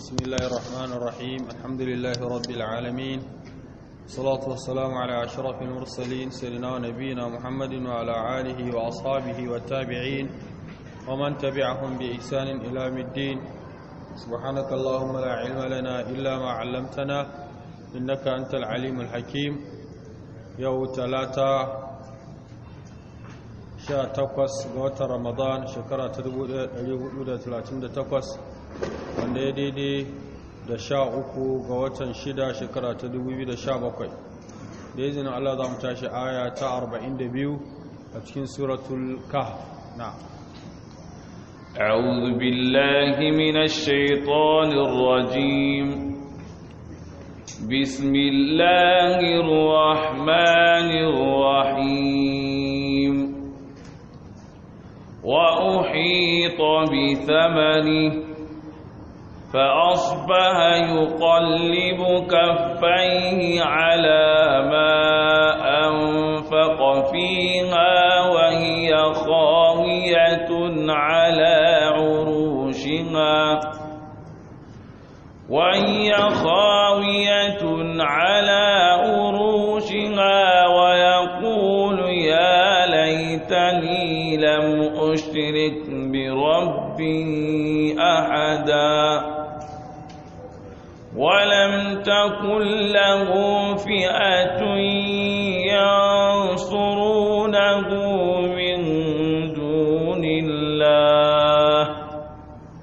بسم الله الرحمن الرحيم الحمد لله رب العالمين الصلاة والسلام على أشرف المرسلين سيدنا ونبينا محمد وعلى آله وأصحابه والتابعين ومن تبعهم بإحسان إلى الدين سبحانك اللهم لا علم لنا إلا ما علمتنا إنك أنت العليم الحكيم يوم ثلاثة sha takwas رمضان watan ramadan shekara ta 1438 wanda ya daidai da sha uku ga watan shida shekara ta biyu da izinin Allah za mu tashi aya ta arba'in biyu a cikin suratul kahf na أعوذ بالله من الشيطان الرجيم بسم الله الرحمن الرحيم وأحيط بثمنه فأصبح يقلب كفيه على ما أنفق فيها وهي خاوية على عروشها وهي خاوية على عروشها ويقول يا ليتني لم أشرك بربي أحداً ولم تكن له فئة ينصرونه من دون الله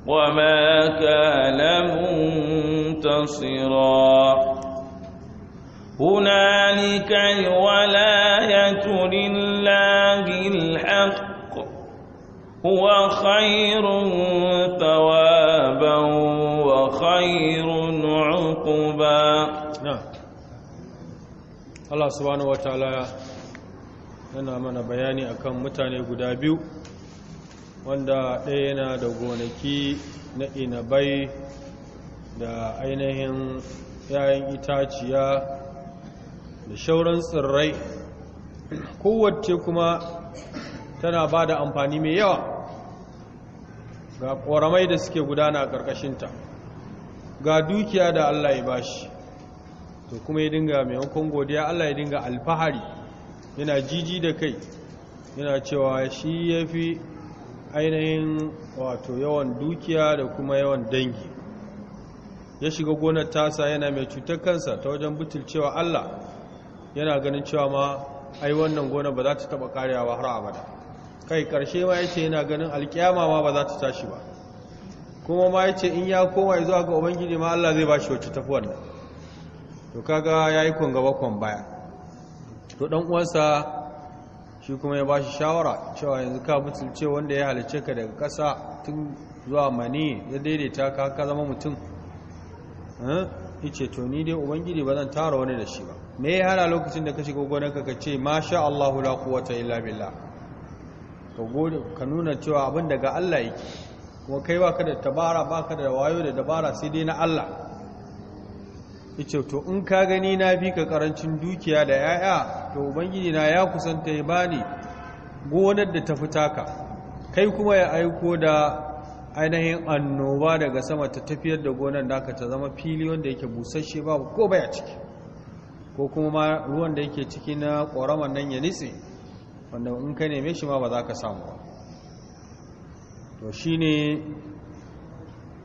وما كان منتصرا هنالك الولاية لله الحق هو خير ثوابا وخير عقبا نعم Allah subhanahu laya yana mana bayani akan mutane guda biyu wanda ɗaya yana da gonaki na inabai da ainihin yayin itaciya da shauran tsirrai kowace kuma tana ba da amfani mai yawa ga ƙoramai da suke gudana a ƙarƙashinta ga dukiya da Allah ya bashi to kuma ya dinga maimakon godiya Allah ya dinga alfahari yana jiji da kai yana cewa shi ya fi ainihin wato yawan dukiya da kuma yawan dangi ya shiga gonar tasa yana mai cutar kansa ta wajen cewa Allah yana ganin cewa ma ai wannan gonar ba za ta taba karewa har abada kai karshe ma yace yana ganin alkiyama ma ba za ta tashi ba kuma ma ya ce in ya koma zuwa ga ubangiji ma Allah zai ba shi wacce tafi wannan to kaga ya yi gaba bakon baya to dan uwansa shi kuma ya ba shi shawara cewa yanzu ka mutunce wanda ya halicce ka daga kasa tun zuwa mani ya daidaita ka ka zama mutum eh? ce to ni dai ubangiji ba zan tara wani da shi ba me ya hana lokacin da ka shiga gonar ka ce masha Allahu la quwwata illa billah ka nuna cewa abin daga Allah yake Wa kai ka da tabara ka da wayo da dabara sai dai na Allah ce to in ka gani na fi ka karancin dukiya da yaya to ubangiji na ya kusanta ya bani gonar da ta fi taka. kai kuma ya aiko da ainihin annoba daga sama ta tafiyar da gonar aka ta zama fili wanda yake busasshe babu ko baya ciki ko kuma ma ruwan da yake ciki na ƙoraman nan ya nitse wanda in ka neme shi ma ba za ka samu ba to shi ne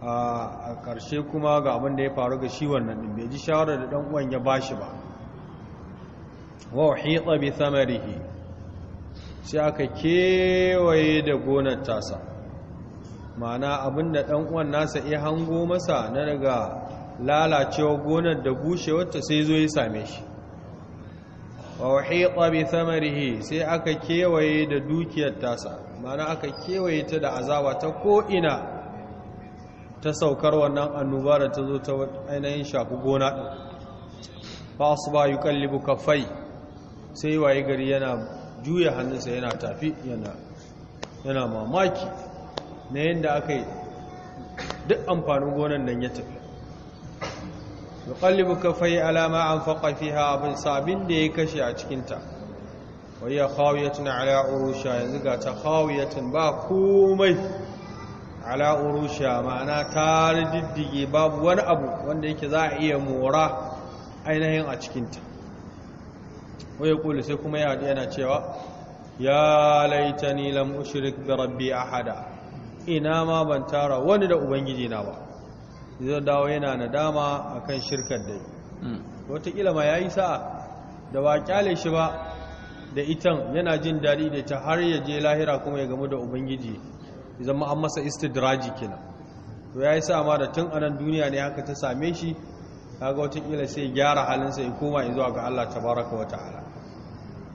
a ƙarshe kuma ga abin da ya faru ga shi wannan ɗin bai ji shawarar da ɗan’uwan ya ba shi ba wa hita bi thamarihi sai aka kewaye da gonar tasa Mana abin da ɗan uwan nasa ya hango masa na daga lalacewa gonar da wata sai zo ya same shi wa hita bi thamarihi sai aka kewaye da dukiyar tasa mana aka kewaye ta da azaba ta ko'ina ta saukar wannan annuba da ta zo ta ainihin shafi gona ɗin ba su ba yi kallibu kafai sai waye gari yana juya hannunsa yana tafi yana mamaki na yadda aka yi duk amfanin gonan nan ya tafi yuqallibu kafai alama an faƙafi ha abin sabin da ya kashe a cikinta waya khawiyatun ala urusha yanzu ga ta khawiyatun ba komai ala urusha ma'ana ta babu wani abu wanda yake za a iya mora ainihin a cikinta waya kulu sai kuma ya yana cewa ya laitani lam ushrik bi rabbi ahada ina ma ban tara wani da ubangiji na ba zai dawo yana nadama akan shirkar dai wataƙila ma ya yi sa'a da ba kyale shi ba da itan yana jin daɗi da ta har ya je lahira kuma ya gamu da ubangiji zama an masa istidraji kenan to ya yi sama da tun anan duniya ne haka ta same shi kaga watakila sai gyara halinsa ya koma zuwa ga Allah tabaraka wa ta'ala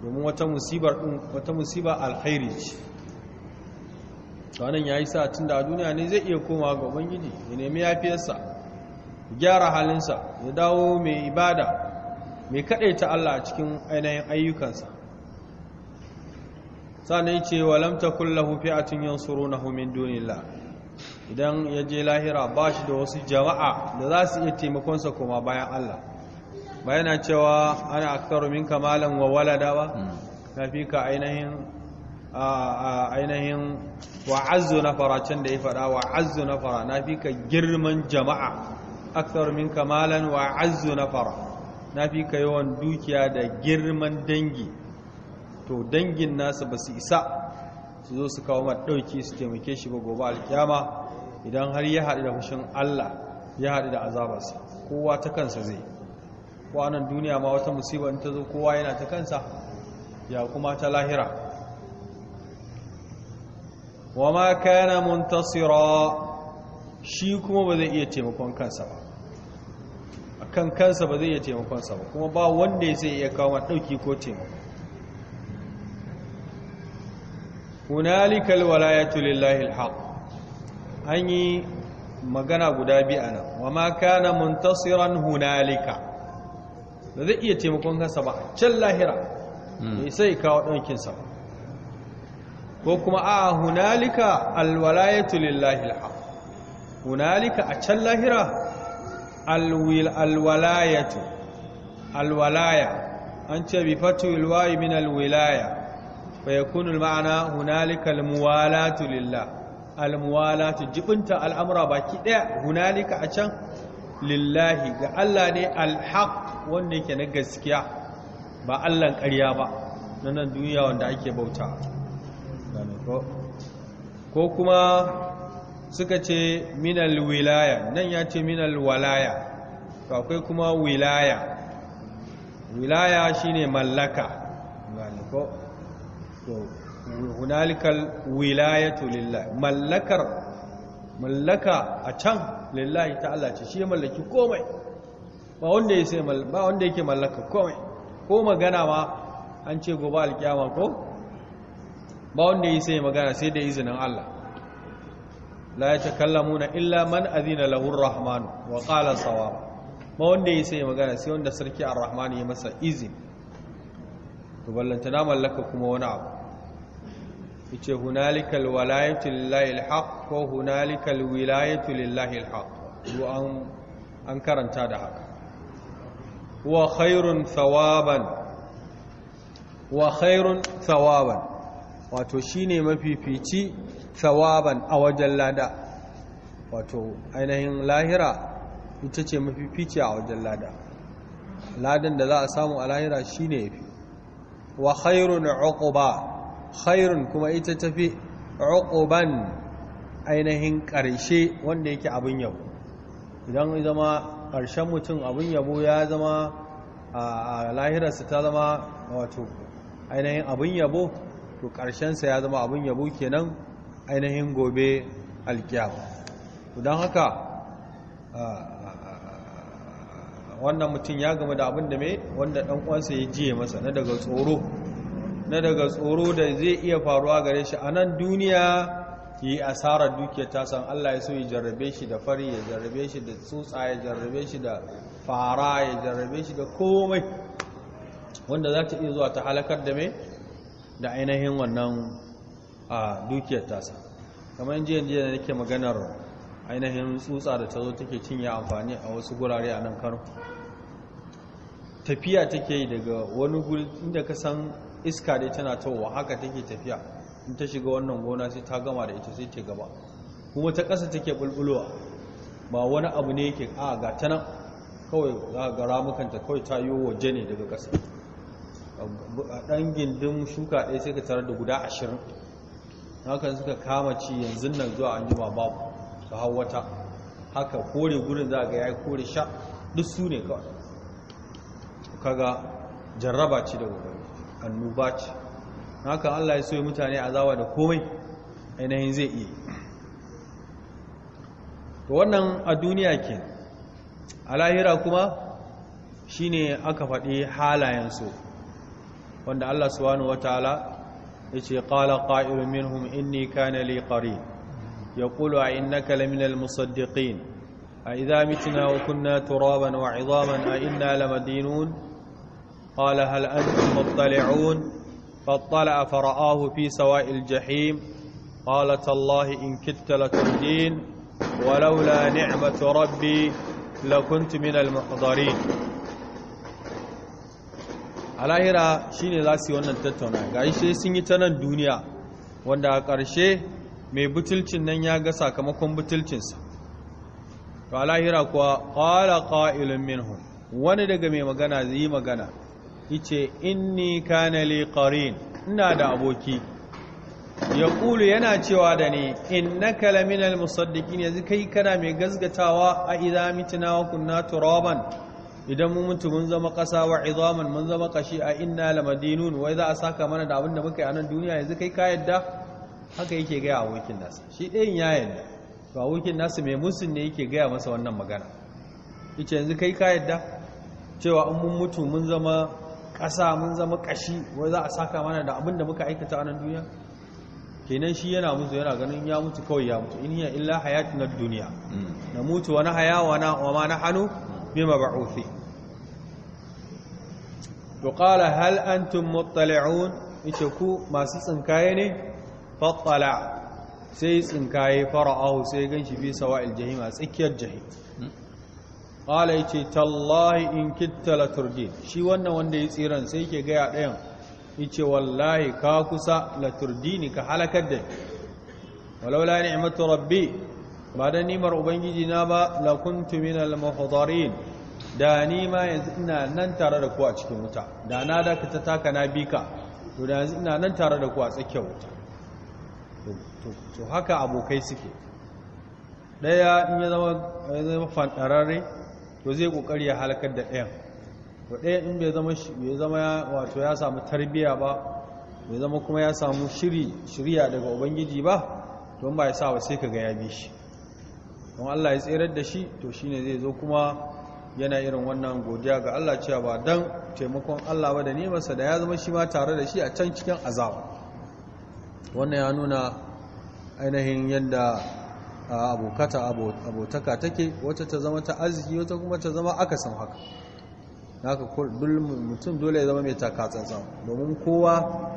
domin wata musibar din wata musiba alkhairi ce to anan yayi sa tun da duniya ne zai iya koma ga ubangiji ya nemi yafiyarsa gyara halinsa ya dawo mai ibada mai kadaita Allah a cikin ainihin ayyukansa sannan ce wa hufi a cin fi'atun na homin duniya. idan ya je lahira ba shi da wasu jama'a da za su iya taimakonsa kuma bayan Allah ba yana cewa ana aktaru min kamalan wa walada ba hmm. na fi ka ainihin ainihin azu na can da ya faɗa azu na fara na fi ka girman jama'a aktaru min kamalan azu na fara na fi ka yawan dukiya da girman dangi to dangin nasa ba su isa su zo su kawo mata ɗauki su taimake shi ba gobe alkyama idan har ya haɗu da fushin Allah ya haɗu da azabarsa kowa ta kansa zai kwanan duniya ma wata musiba in ta zo kowa yana ta kansa ya kuma ta lahira wa ma kana muntasira shi kuma ba zai iya taimakon kansa ba akan kansa ba zai iya taimakon sa ba kuma ba wanda ya sai iya kawo ɗauki ko taimako Hunalika walayatu lillahi alhaq an yi magana guda biyu anan wa ma kana muntasiran hunalika da zai iya taimakon kansa ba can lahira ne sai kawo ɗaukinsa ba ko kuma a hunalika alwalayatu lillahi alhaq hunalika a can lahira alwalayatu alwalaya an ce bi fatu ilwayi min alwilaya fa yakunu al-ma'ana hunalika al-muwalatu lillah al-muwalatu jibinta al'amura baki daya hunalika a can lillahi ga Allah ne al-haq wanda yake na gaskiya ba Allahn ƙarya ba na nan duniya wanda ake bauta ko kuma suka ce minal wilaya nan ya ce minal walaya akwai kuma wilaya wilaya shine mallaka ko hunalikal wilayatu lillahi mallakar mallaka a can lillahi ta Allah ce shi ya mallaki komai ba wanda ya sai ba wanda yake mallaka komai ko magana ma an ce gobe alkiyama ko ba wanda ya sai magana sai da izinin Allah la yatakallamuna illa man adina lahu arrahman wa qala sawab ba wanda ya sai magana sai wanda sarki arrahman ya masa izini to na mallaka kuma wani abu yace hunalikal walayatu lillahi alhaq ko hunalikal wilayatu lillahi alhaq an an karanta da haka wa khairun thawaban wa khairun thawaban wato shine mafifici thawaban a wajen lada wato ainihin lahira ita ce mafifici a wajen lada ladan da za a samu a lahira shine yafi wa khairun uquba khairun kuma ita tafi uquban ainihin ƙarshe wanda yake abin yabo idan zama ƙarshen mutum abin yabo ya zama a lahirarsa ta zama wato ainihin abin yabo to ƙarshensa ya zama abin yabo kenan ainihin gobe alkiyama don haka wannan mutum ya gama da abin da mai wanda ɗan ya jiye masa na daga tsoro na daga tsoro da zai iya faruwa gare shi a nan duniya yi asarar dukiyar tasan Allah ya so ya jarrabe shi da fari ya jarrabe shi da tsutsa ya jarrabe shi da fara ya jarrabe shi da komai wanda za ta iya zuwa ta halakar da mai da ainihin wannan a dukiyar tasa kamar jiyan jiya da nake maganar ainihin tsutsa da ta zo take cinye amfani a wasu gurare a nan kano tafiya take yi daga wani guri inda ka san iska dai tana wa haka take tafiya in ta shiga wannan gona sai ta gama da ita sai ta gaba kuma ta ƙasa take bulbulowa ba wani abu ne yake a ga ta nan kawai ga ramukanta kawai ta yi waje ne daga ƙasa a ɗan gindin shuka ɗaya sai ka tarar da guda ashirin hakan suka kama ci yanzu nan zuwa an jima babu ta hau wata haka kore gurin za ga ya kore sha duk su ne kawai kaga jarraba ce da gobe annoba ce haka Allah ya soya mutane azaba da komai ainihin zai iya to wannan a duniya ke a lahira kuma shine aka faɗi halayensu wanda Allah subhanahu wataala yace qala qa'ilun minhum inni kana li ya yaqulu a innaka laminal musaddiqin a idza mitna wa kunna turaban wa 'idhaman a inna lamadinun قال هل أنتم مطلعون فاطلع فرآه في سواء الجحيم قال تالله إن كدت لتردين ولولا نعمة ربي لكنت من المحضرين a lahira shi ne za su yi wannan tattauna ga shi sun yi ta duniya wanda a ƙarshe mai butulcin nan ya ga sakamakon butulcinsa to a lahira kuwa ƙwala ƙa'ilin minhum wani daga mai magana zai yi magana yace inni kana li qarin ina da aboki ya kulu yana cewa da ni innaka laminal musaddiqin yanzu kai kana mai gazgatawa a idza mitna wa kunna turaban idan mu mutu mun zama kasa wa izaman mun zama kashi a inna lamadinun wai za a saka mana da abinda muke a nan duniya yanzu kai ka yadda haka yake gaya abokin nasa shi ɗayan ya yadda to abokin nasa mai musun ne yake gaya masa wannan magana yace yanzu kai ka yadda cewa in mun mutu mun zama ƙasa mun zama ƙashi wai za a saka mana da abin da muka aikata a nan duniya kenan shi yana mutu yana ganin ya mutu kawai ya mutu in hiya illa na duniya hmm. na mutu wani haya wa ma na hannu bima ba'uthi to qala hal antum muttali'un yace ku masu tsinkaye ne fattala sai tsinkaye fara'ahu sai ganshi bi sawa'il jahim a tsakiyar jahim ya ce tallahi in kitta la turdi shi wannan wanda ya tsiran sai ke gaya ɗayan yace wallahi ka kusa la turdini ka halakar da walaula ni'matu rabbi ba da nimar ubangiji na ba la kuntu minal muhdarin da ni ma yanzu ina nan tare da ku a cikin wuta da na dakata taka na bika to da yanzu ina nan tare da ku a tsakiyar wuta to haka abokai suke daya in ya zama fanɗararre to zai kokari ya halakar da ɗayan to ɗayan in bai zama bai zama wato ya samu tarbiyya ba bai zama kuma ya samu shiri shirya daga ubangiji ba to ba ya sa ba sai ka ga ya bi shi don Allah ya tsirar da shi to shine zai zo kuma yana irin wannan godiya ga Allah cewa ba dan taimakon Allah ba da masa, da ya zama shi ma tare da shi a can cikin azaba wannan ya nuna ainihin yadda abokata abotaka take wata ta zama ta arziki wata kuma ta zama akasin haka haka mutum dole ya zama mai taka domin kowa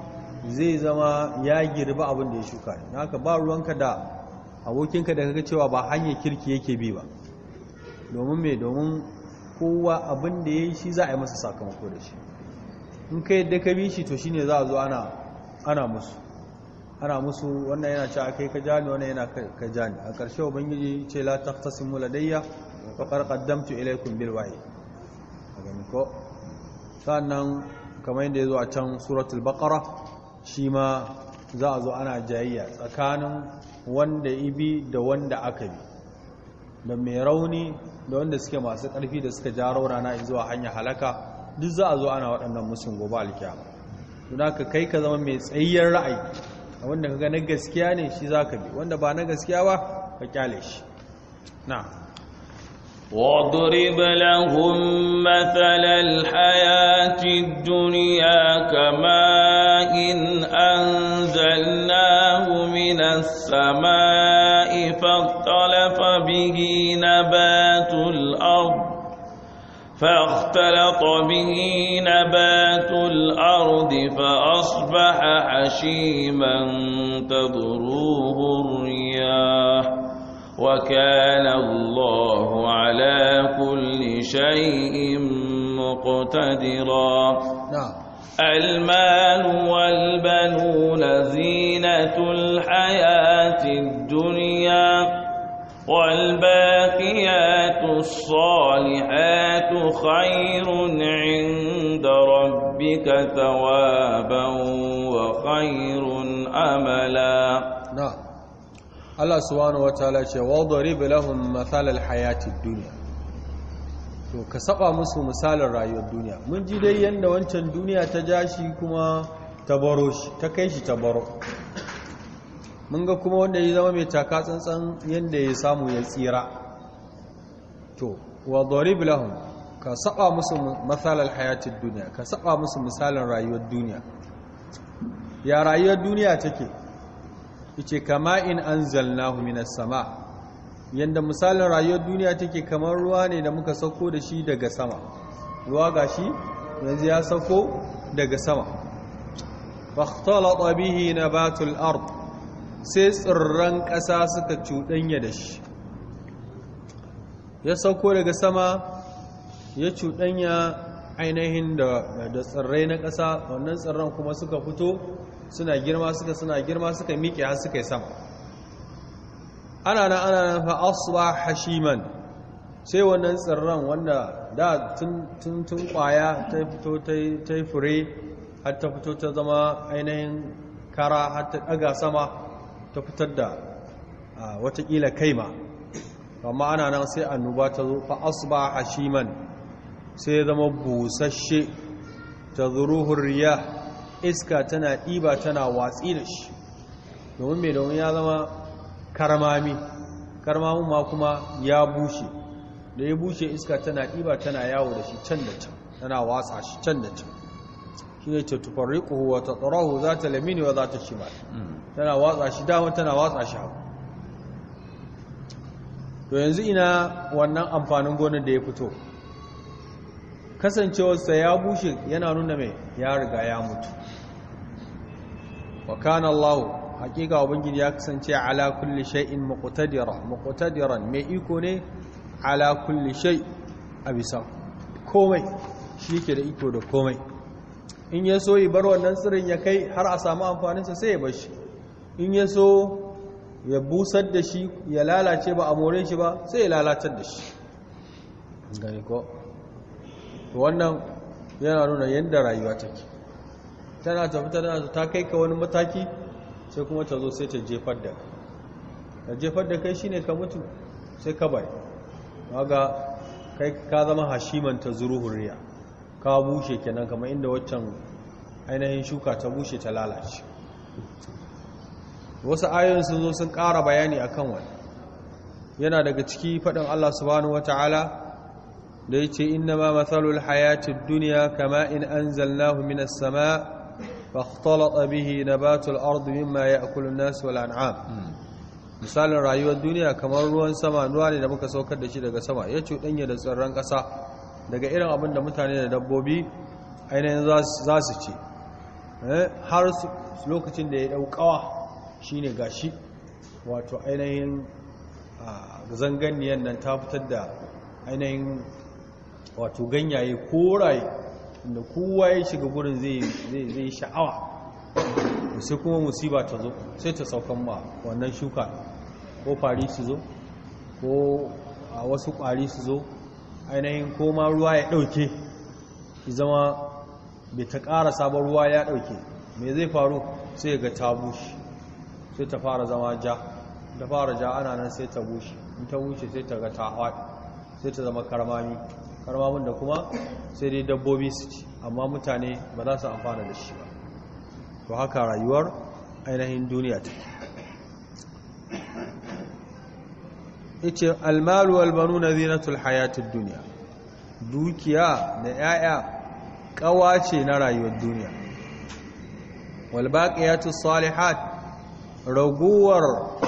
zai zama ya girba abin da ya shuka ne haka ba ruwanka da abokinka da kaga cewa ba hanyar kirki yake bi ba domin mai domin kowa abin da ya yi shi za a yi masa sakamako da shi in ka yadda ka bi shi to shine za a zo ana musu ana musu wannan yana cewa kai ka jani wannan yana ka jani a ƙarshe ubangiji ce la taqtasimu ladayya wa qad qaddamtu ilaykum bil wa'i gani ko sannan kamar yadda yazo a can suratul baqara shi ma za a zo ana jayayya tsakanin wanda ibi da wanda aka bi da mai rauni da wanda suke masu ƙarfi da suka ja raunana zuwa hanya halaka duk za a zo ana waɗannan musun gobe alkiyama don haka kai ka zama mai tsayyar ra'ayi wanda ga na gaskiya ne shi zaka bi wanda ba na gaskiya ba ka kyale shi duniya kama لهم مثل الحياة الدنيا كماء إن أنزلناه من السماء فاختلف به نبات الأرض فاختلط به نبات الأرض فأصبح حشيما تضروه الرياح وكان الله على كل شيء مقتدرا نعم. المال والبنون زينة الحياة الدنيا والباقيات الصالحات خير عند ربك ثوابا وخير أملا نعم الله سبحانه وتعالى وضرب لهم مثال الحياة الدنيا to ka saba musu misalin rayuwar duniya mun ji dai yadda wancan duniya ta ja shi kuma ta baro shi ta kai shi ta baro mun ga kuma wanda ya zama mai taka tsantsan yadda ya samu ya tsira to wa darib bilahun ka saba musu matsalar hayatid duniya ka saba musu misalin rayuwar duniya ya rayuwar duniya take ke? kama in zalna huminar sama yadda misalin rayuwar duniya take kamar ruwa ne da muka sauko da shi daga sama ruwa ga shi yanzu ya sauko daga sama فاختلط na batul الأرض sai tsirran ƙasa suka cuɗanya da shi ya sauko daga sama ya cuɗanya ainihin da tsirrai na ƙasa wannan tsirran kuma suka fito suna girma suka suna girma suka miƙe har suka yi sama ana nan ana na fa hashiman sai wannan tsirran wanda da tun tun ƙwaya ta fito ta yi fure har ta fito ta zama ainihin kara har ta ɗaga sama ta fitar da watakila kaima amma ana nan sai annuba ta zo fa asba hashiman sai ya zama busasshe ta zuruhun riya iska tana ɗiba tana watsi da shi domin mai domin ya zama karmami karmamin ma kuma ya bushe da ya bushe iska tana ɗiba tana yawo da shi can da can tana watsa shi can da can shine ta tufarriquhu wa tatrahu zata lamini wa zata shimal hmm. tana watsa shi dama tana watsa shi hagu to yanzu ina wannan amfanin gonar da ya fito kasancewarsa ya bushe yana nuna mai ya riga ya mutu wa kana Allah hakika ubangiji ya kasance ala kulli shay'in muqtadira muqtadiran mai iko ne ala kulli shay bisa komai shi ke da iko da komai in ya so yi bar wannan tsirin ya kai har a samu amfaninsa sai ya bar shi in ya so ya busar da shi ya lalace ba a more shi ba sai ya lalatar da shi gani ko wannan yana nuna yadda rayuwa take tana tafi tana ta kai ka wani mataki sai kuma ta zo sai ta jefar da ka jefar da kai shine ka mutu sai ka bari kaga kai ka zama hashiman ta zuruhun ka bushe kenan kamar inda waccan ainihin shuka ta bushe ta lalace wasu ayoyin sun zo sun ƙara bayani akan wani yana daga ciki faɗin Allah subhanahu wata'ala da ya ce inna ma matsalul hayatun duniya kama in an zalnahu minas sama fakhtalata bihi nabatul ardu mimma ya'kulun nas wal an'am misalin rayuwar duniya kamar ruwan sama ruwa ne da muka saukar da shi daga sama ya cuɗanya da tsirran ƙasa daga irin abin da mutane da dabbobi ainihin za su ce eh, har lokacin da ya ɗaukawa shi ne gashi wato ainihin zanganiyar nan ta fitar da ainihin wato ganyaye koraye inda kowa ya shiga gurin zai sha'awa sai kuma musiba ta zo sai ta saukan ma wannan shuka ko fari su zo ko a wasu ƙwari su zo ainihin koma ruwa ya ɗauke ki zama bai ta ƙara sabon ruwa ya ɗauke mai zai faru sai ga ta bushe sai ta fara zama ja da fara ja ana nan sai ta bushe in ta bushe sai ta ga ta haɗu sai ta zama karmami karmamin da kuma sai dai dabbobi su ci amma mutane ba za su amfana da shi ba to haka rayuwar ainihin duniya ta yace almalu wal banuna zinatul hayatid dunya dukiya da yaya kawace na rayuwar duniya wal baqiyatus salihat raguwar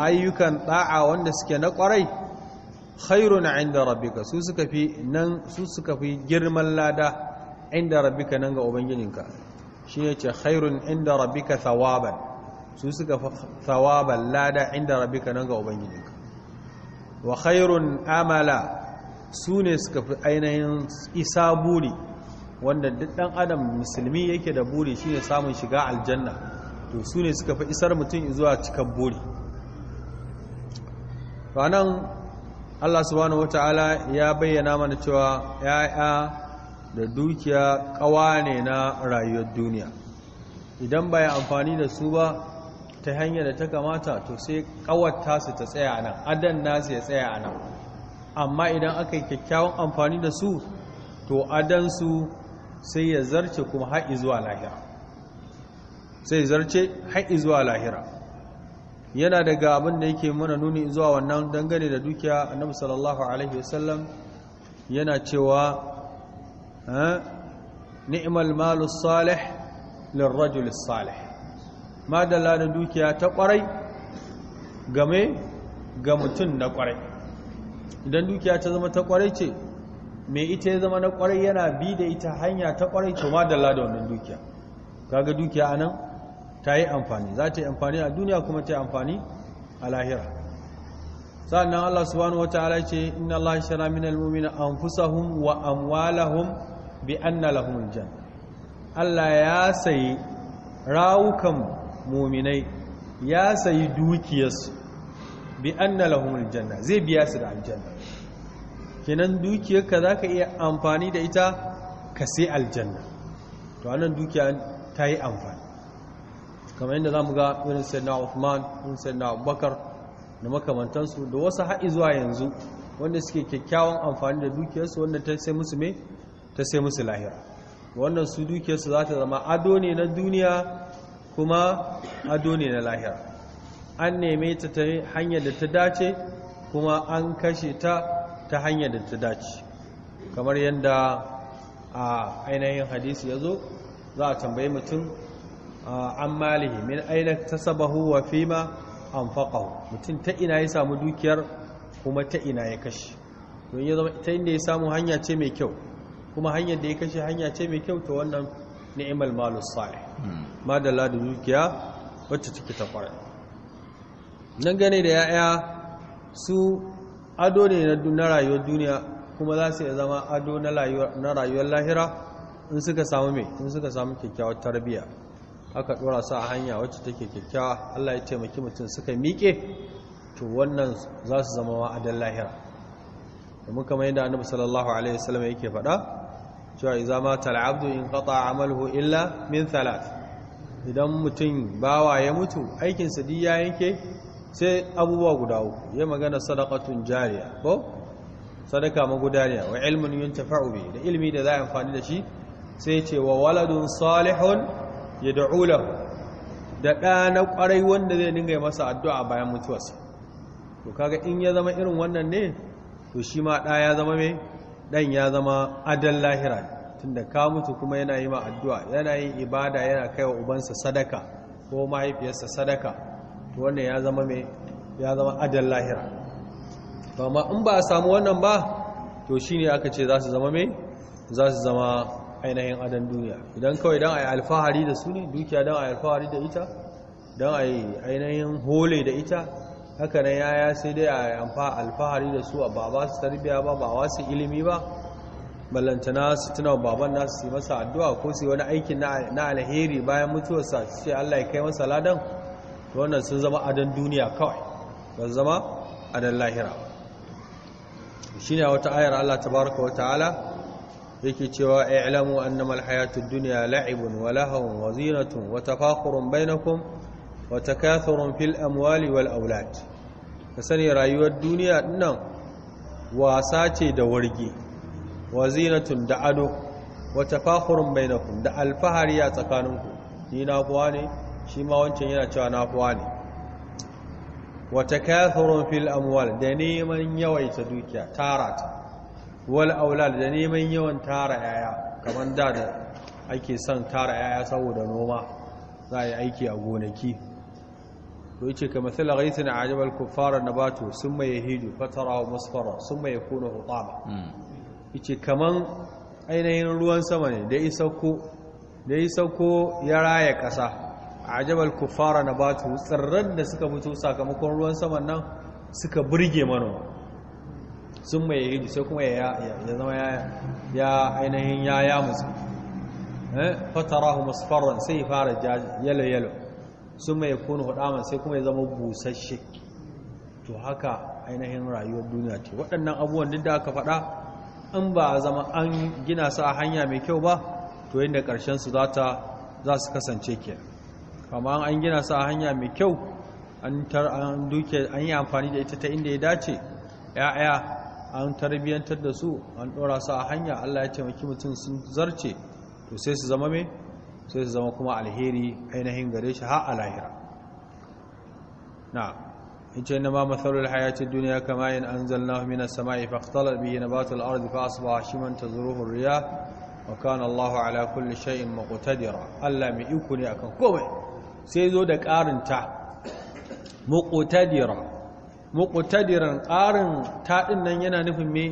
ayyukan da'a wanda suke na kwarai khairun inda rabbika su suka fi nan su suka fi girman lada inda rabbika nan ga ubangijinka shi ne ce khairun inda rabbika thawaban su suka fi thawaban lada inda rabbika nan ga ubangijinka wa khairun amala su ne suka fi ainihin isa buri wanda duk ɗan adam musulmi yake da buri shine samun shiga aljanna to su ne suka fi isar mutum zuwa cikin buri ranar allah subhanahu wata'ala ya bayyana mana cewa ya'ya da dukiya ƙawa ne na rayuwar duniya idan ba ya amfani da su ba ta hanyar da ta kamata to sai kawata su ta tsaya a nan adan nasu ya tsaya a nan amma idan aka yi kyakkyawan amfani da su to su sai ya zarce kuma haƙi zuwa lahira sai zarce haƙi zuwa lahira yana daga abin da yake mana nuni zuwa wannan dangane da dukiya annabi sallallahu alaihi wasallam yana cewa eh, ni'mal malus salih lirrajul salih madalla da dukiya ta kwarai game ga mutum na kwarai idan dukiya ta zama ta kwarai ce mai ita ya zama na kwarai yana bi da ita hanya ta kwarai ce madalla da wannan dukiya kaga dukiya anan ta yi amfani za ta yi amfani a duniya kuma ta yi amfani a lahira sannan Allah subhanahu wataala ce inna Allah shara minal mu'mina anfusahum wa amwalahum bi anna lahumul janna Allah ya sayi rawukan muminai ya sayi dukiyarsu bi na lahumar janna zai biya su da aljanna kenan dukiyarka ka iya amfani da ita ka sai aljanna to anan dukiya ta yi amfani kamar yadda mu ga irin sayyidina Uthman irin sayyidina Abubakar da makamantansu da wasu haɗi zuwa yanzu wanda suke kyakkyawan amfani da dukiyarsu wanda ta sai musu me ta sai musu lahira wannan su dukiyarsu za ta zama ado ne na duniya kuma ado ne na lahira an neme ta ta hanyar da ta dace kuma an kashe ta ta hanyar da ta dace kamar yadda a ainihin hadisi ya zo za a tambayi mutum an malihi min aina ta sabahu wa fima an faƙahu mutum ta ina ya samu dukiyar kuma ta ina ya kashe don ya zama ta inda ya samu hanya ce mai kyau kuma hanyar da ya kashe hanya ce mai kyau ta wannan ni'mal Malus salih hmm. madalla da dukiya wacce take ta kwarai nan gane da ya'ya su ado ne na rayuwar duniya kuma za su iya zama ado na rayuwar lahira in suka samu mai in suka samu kyakkyawar tarbiyya aka dora su a hanya wacce take kyakkyawa Allah ya taimaki mutum suka miƙe to wannan za su zama wa'adan lahira da kamar yadda annabi sallallahu alaihi wasallam yake faɗa cewa iza matal abdu in kata amalhu illa min talat idan mutum bawa ya mutu aikin sa ya yanke sai abubuwa guda uku ya magana sadakatun jariya ko sadaka magudaniya wa ilmin yuntafa'u bi da ilmi da za a amfani da shi sai ce wa waladun salihun ya da'ula da ɗa na ƙwarai wanda zai dinga yi masa addu'a bayan mutuwarsa to kaga in ya zama irin wannan ne to shi ma ɗaya ya zama mai dan ya zama adan lahira tunda ka mutu kuma yana yi ma addu'a yana yin ibada yana kai wa ubansa sadaka ko mahaifiyarsa sadaka to wannan ya zama mai ya zama adan lahira to amma in ba a samu wannan ba to shine aka ce za su zama mai za su zama ainihin adan duniya idan kawai dan ayi alfahari da su ne dukiya dan yi alfahari da ita dan yi ainihin hole da ita hakanan nan yaya sai dai a alfahari da su a baba su tarbiya ba ba su ilimi ba ballantana su tuna baban nasu su yi masa addu'a ko su yi wani aiki na alheri bayan mutuwarsa su ce Allah ya kai masa ladan wannan sun zama adan duniya kawai ba zama adan lahira shi ne wata ayar Allah ta baraka wa ta'ala yake cewa i'lamu annama alhayatud duniya la'ibun wa lahawun wa zinatun wata tafakurun bainakun Wata takathurun fil amwali wal aulat ka sani rayuwar duniya dinnan wasa ce da warge wa zinatun da ado wa tafakhurun bainakum da alfahari a tsakaninku ni na kuwa ne shi ma wancan yana cewa na kuwa ne Wata takathurun fil amwal da neman yawaita dukiya tara ta wal aulat da neman yawan tara yaya kamar da da ake son tara yaya saboda noma za a yi aiki a gonaki to yace ka masala ghaythin ajabal kuffara nabatu summa yahidu fatara wa musfara summa yakunu hutama hmm. yace kaman ainihin ruwan sama ne da isauko da isauko ya raya kasa ajabal kuffara nabatu tsirran da suka fito sakamakon ruwan saman nan suka burge manoma summa yahidu sai kuma ya zama ya ainihin ya ya yamusu eh, fatarahu musfarran sai fara yalo yalo sun mai kone hudaman sai kuma ya zama busasshe to haka ainihin rayuwar duniya ce waɗannan abubuwan duk da aka faɗa in ba zama an gina su a hanya mai kyau ba to yadda ƙarshensu za su kasance ke kama an gina su a hanya mai kyau an duke an yi amfani da ita ta inda ya dace ya'ya an tarbiyyantar da su an ɗora su a hanya allah ya taimaki mutum sun zarce to sai su zama mai sai su zama kuma alheri ainihin gare shi har a lahira na ince na ma matsalar hayatun duniya kama yin an zalna min sama'i fa qtala bihi nabatul ardi fa asba hashiman tazruhu riya wa kana Allah ala kulli shay'in muqtadira Allah mai iko ne akan komai sai zo da karin ta muqtadira muqtadiran karin ta din nan yana nufin me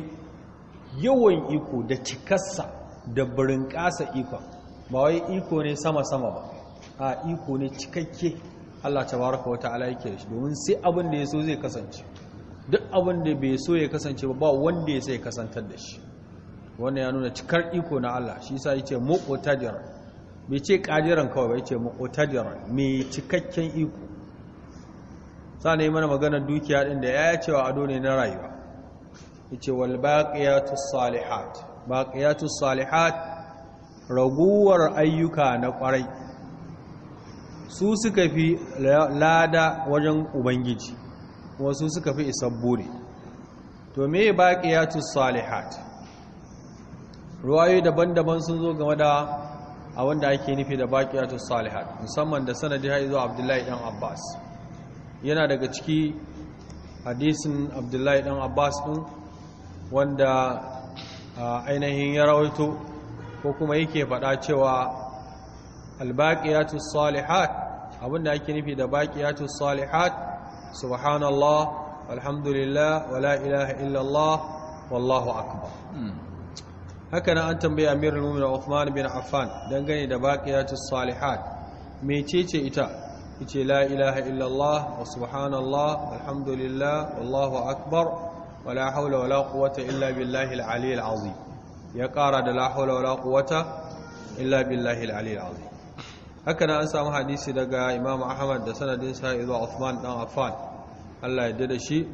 yawan iko da cikassa da burin kasa ikon ba wai iko ne sama-sama ba a iko ne cikakke Allah tabaraka wata ala yake da shi domin sai abin da ya so zai kasance duk abin da bai so ya kasance ba ba wanda ya sai kasantar da shi wannan ya nuna cikar iko na Allah shi yasa yace muqtadir bai ce qadiran kawai bai ce muqtadir mai cikakken iko sana yi mana maganar dukiya ɗin da ya cewa ado ne na rayuwa yace wal baqiyatus salihat baqiyatus salihat raguwar ayyuka na kwarai su suka fi lada wajen ubangiji wasu suka fi isa buri to me baqiyatu salihat ruwayoyi daban-daban sun zo game da a wanda ake nufi da baqiyatu salihat musamman da sanadi har zuwa Abdullahi dan Abbas yana daga ciki hadisin Abdullahi dan Abbas din wanda ainihin ya rawaito ko kuma yake faɗa cewa albaƙiyatu salihat abinda ake nufi da baƙiyatu salihat subhanallah alhamdulillah wala ilaha illallah wallahu akbar hmm. haka nan an tambaya amirul mu'minin Uthman bin Affan dangane da baqiyatu salihat mecece ita yace la ilaha illallah wa subhanallah alhamdulillah, wallahu akbar wala hawla wala quwwata illa billahi al-ali al-azim ya ƙara da lahola wa wala illa billahi al azu haka na an samu hadisi daga Imam Ahmad da sanadin Sa'idu zuwa Uthman dan Afan. Allah ya dada shi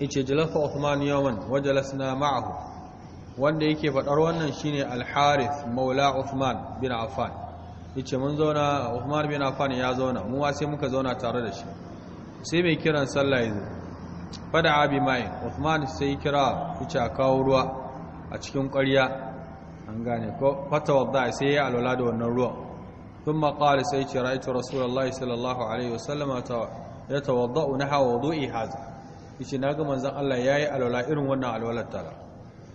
yace jalasa Uthman yawon wa na ma'ahu wanda yake faɗar wannan shine ne maula Uthman bin Afan. Ice mun zauna Uthman bin Afan ya zauna mu sai muka zauna tare da shi sai mai kiran sallah yanzu fada abi mai Uthman sai kira a kawo ruwa a cikin ƙwarya an gane ko fatawadda sai ya alwala da wannan ruwan Tun maƙali sai ce ra'aitu rasulallah sallallahu alaihi wasallama ya ta wadda na hawa wudu'i haza ce na ga manzan Allah ya yi alwala irin wannan alwalar tala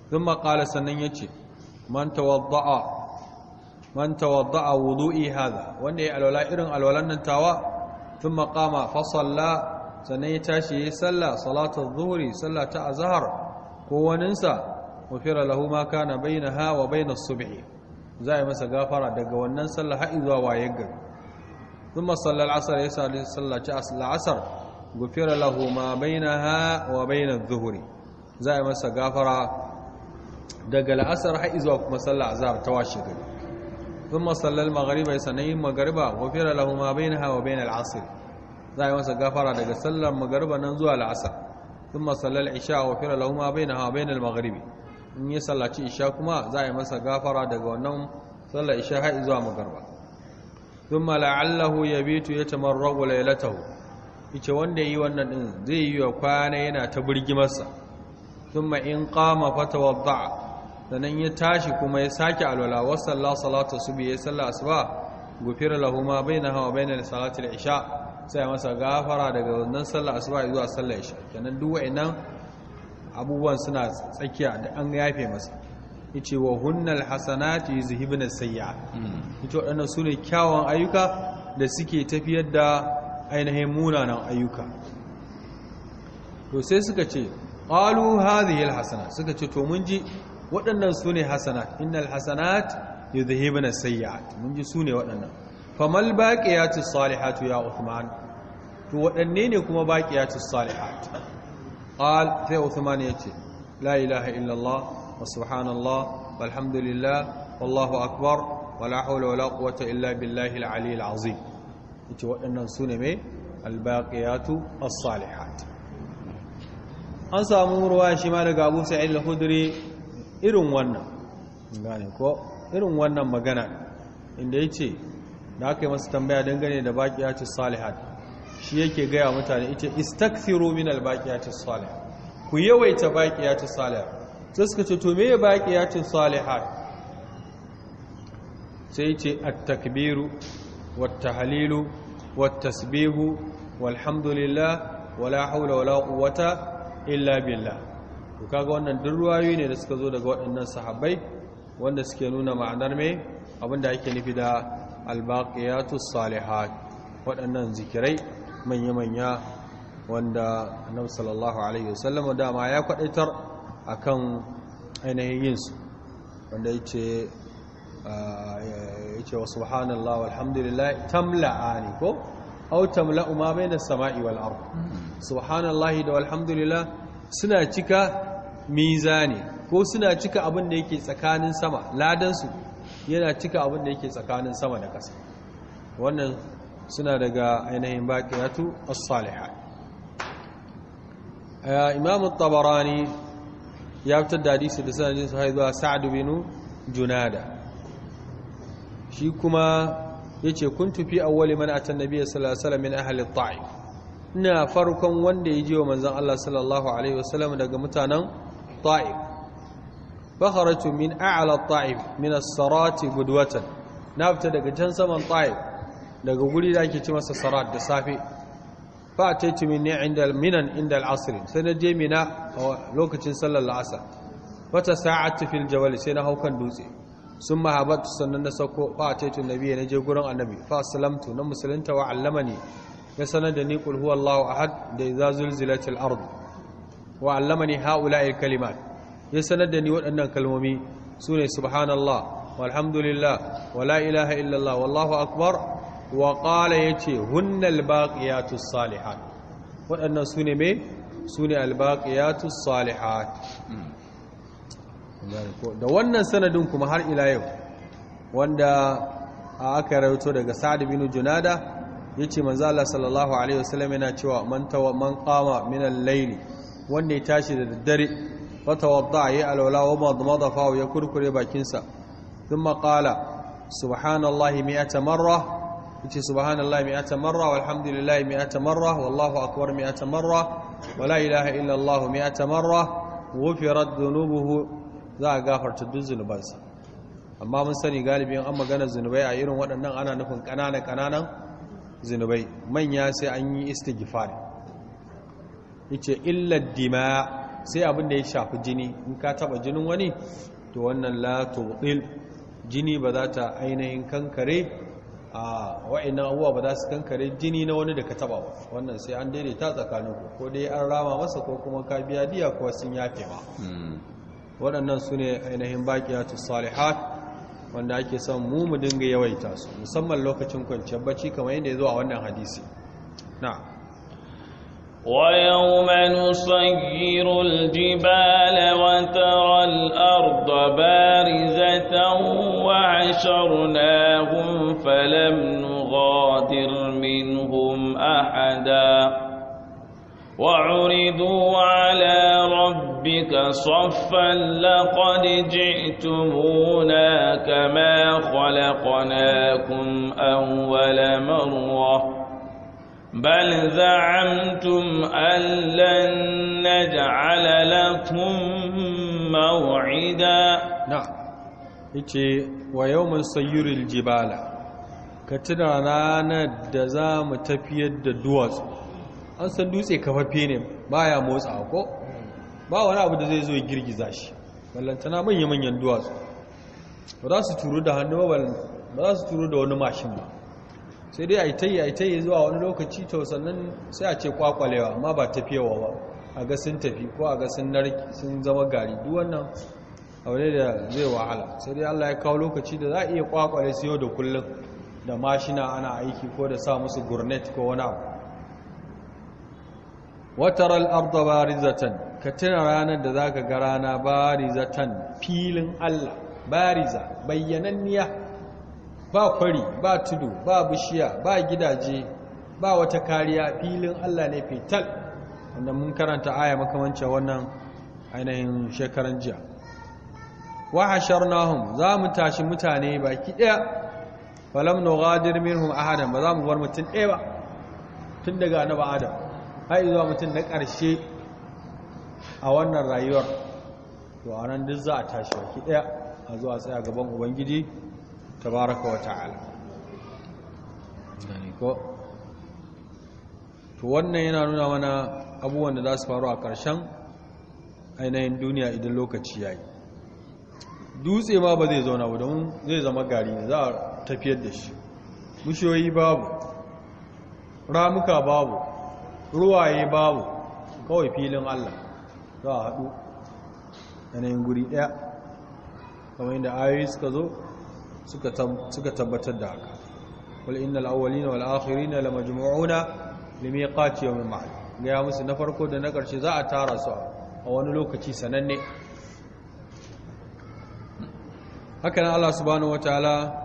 sun maƙali sannan ya ce man ta wadda a tawadda'a wudu'i haza wanda ya yi alwala irin alwalan nan tawa sun maƙama fa sannan ya tashi ya yi sallah salatul zuhri sallah ta azahar ko waninsa wafira lahu ma kana bainaha wa na subhi za a yi masa gafara daga wannan sallah har zuwa wayen gari thumma sallal asar ya salli sallati asr gufira bai na bainaha wa na zuhri za a yi masa gafara daga la'asar har zuwa kuma sallah azhar ta shi gari thumma sallal maghriba sanayin magariba gufira lahu ma bainaha wa bai na asr za a yi masa gafara daga sallar magariba nan zuwa al'asr thumma sallal isha gufira bai na bainaha wa na maghribi in ya sallaci isha kuma za a yi masa gafara daga wannan sallar isha har zuwa magarba thumma la'allahu yabitu yatamarragu laylatahu ice wanda yi wannan din zai yi wa kwana yana ta masa. thumma in qama fatawadda sanan ya tashi kuma ya sake alwala wa salatu subhi ya salla asuba gufira lahu ma bainaha hawa bainal salati isha sai masa gafara daga wannan sallar asuba zuwa sallar isha kenan duk wa'annan abubuwan suna tsakiya da an yafe masa yace wa hunnal hasanati yuzhibna sayyi'a yace waɗannan su ne kyawun ayyuka da suke tafiyar da ainihin munanan ayyuka to sai suka ce qalu hadhihi alhasanat suka ce to mun ji waɗannan su ne hasanat innal hasanat yuzhibna sayyi'at mun ji su ne waɗannan famal baqiyatu salihatu ya uthman to waɗanne ne kuma baqiyatu salihat qal sai usman yace la ilaha illallah wa subhanallah walhamdulillah wallahu akbar wala hawla wala quwwata illa billahi al-ali al-azim yace waɗannan sune me al-baqiyatu as-salihat an samu ruwa shi daga Abu Sa'id al irin wannan gane ko irin wannan magana inda yace da aka yi masa tambaya dangane da baqiyatu salihat shi yake gaya mutane ita istakthiru min albaqiyati salih ku yawaita baqiyati salih sai suka ce to me baqiyati salihat sai ce at-takbiru wat-tahlilu wat-tasbihu walhamdulillah wala hawla wala quwwata illa billah to kaga wannan duk ne da suka zo daga waɗannan sahabbai wanda suke nuna ma'anar me abinda ake nufi da albaqiyatu salihat waɗannan zikirai manya-manya wanda annabi sallallahu alaihi wasallam dama ya kwadaitar akan ainihin yin su wanda yace ah, yace wa subhanallahi walhamdulillah tamla'ani ko aw tamla'u ma bayna as-sama'i wal ard subhanallahi da walhamdulillah suna cika mizani ko suna cika abin da yake tsakanin sama ladansu yana cika abin da yake tsakanin sama da ƙasa wannan suna daga ainihin baqiyatu as-salihat imam at-tabarani ya fitar da hadisi da sanadin sa zuwa sa'd juna junada shi kuma yace kuntu fi awwali man mana a sallallahu alaihi wasallam min ahli at ina farkon wanda ya ji wa manzon Allah sallallahu alaihi wasallam daga mutanen ta'if fakharatu min a'la at-ta'if min as-sarati budwatan na fita daga can saman ta'if daga guri da ake ci masa sarat da safe Ba ta yi min inda minan inda al'asiri sai na je mina a lokacin sallar la'asar wata sa'a fil jawali sai na hau kan dutse sun mahabatu sannan na sauko fa ta yi nabi na je gurin annabi fa salamtu na musulunta wa allamani ya sanar da ni qul huwallahu ahad da idza zulzilatil ard wa allamani haula'i kalimat ya sanar da ni waɗannan kalmomi sune subhanallah walhamdulillah wala ilaha illallah wallahu akbar wa ƙala ya ce hunnal baƙiyatu salihat waɗannan su ne mai su ne albaƙiyatu salihat da wannan sanadin kuma har ila yau wanda aka rauto daga sa'ad binu junada ya ce manzo Allah sallallahu alaihi wasallam yana cewa man tawa man qama min al wanda ya tashi da daddare fa tawadda ya alwala wa madmada fa ya kurkure bakinsa thumma qala subhanallahi mi'ata marra yace subhanallahi mi'ata marra walhamdulillahi mi'ata marra wallahu akbar mi'ata marra wala ilaha illa allah mi'ata marra ghufirat dhunubuhu za a gafarta duk zunubansa amma mun sani galibi an magana zunubai a irin waɗannan ana nufin ƙananan ƙananan zunubai manya sai an yi istighfari yace illa dima sai abin da ya shafi jini in ka taba jinin wani to wannan la tubtil jini ba za ta ainihin kankare a wa'annan abuwa ba za su kankare jini na wani da ka taba ba wannan sai an ta tsakanin ku ko dai an rama masa ko kuma ka biya diya ko sun yafe ba hmm. waɗannan su ne ainihin baƙiyatu salihat wanda ake son mu mu dinga yawaita su musamman lokacin kwanciyar bacci kamar yadda ya zo a wannan hadisi na ويوم نُصَيِّرُ الجبال وترى الأرض بارزة وعشرناهم فلم نغادر منهم أحدا وعرضوا على ربك صفا لقد جئتمونا كما خلقناكم أول مرة بل زعمتم أن لن نجعل لكم موعدا نعم yace wa yawmin sayyuril jibala ka tuna ranar da za mu tafiyar da duwatsu an san dutse kafaffe ne baya motsa ko ba wani abu da zai zo girgiza shi ballantana manya-manyan duwatsu ba za su turu da hannu ba ba za su turu da wani mashin ba sai dai a yi tayi a yi tayi zuwa wani lokaci to sannan sai a ce kwakwalewa amma ba tafiyawa ba a ga sun tafi ko a ga sun narki sun zama gari duk wannan aure da zai wahala sai dai Allah ya kawo lokaci da za a iya kwakwale su yau da kullum da mashina ana aiki ko da sa musu gurnet ko wani abu wataral arda barizatan ka tuna ranar da zaka ga rana barizatan filin Allah bariza bayyananniya ba kwari ba tudu ba bishiya ba gidaje ba wata kariya filin Allah ne fetal wanda mun karanta aya makamancin wannan ainihin shekaran jiya wa hasharnahum za mu tashi mutane baki daya falam nughadir minhum ahadan ba za mu bar mutun ɗaya ba tun daga annabi adam har zuwa mutun na karshe a wannan rayuwar to anan duk za a tashi baki daya a zuwa tsaya gaban ubangiji tabaraka wa ta'ala to wannan yana nuna mana abubuwan da za su faru a karshen ainihin duniya idan lokaci ya yi dutse ma ba zai zauna ba don zai zama gari ne za a tafiyar da shi bishiyoyi babu ramuka babu ruwaye babu kawai filin allah za a haɗu yanayin guri ɗaya kamar yadda ayoyi suka zo suka tabbatar da haka wal innal awwalina wal akhirina lamajmu'una limiqati yawmin ma'ad gaya musu na farko da na ƙarshe za a tara su a wani lokaci sananne haka nan Allah subhanahu wataala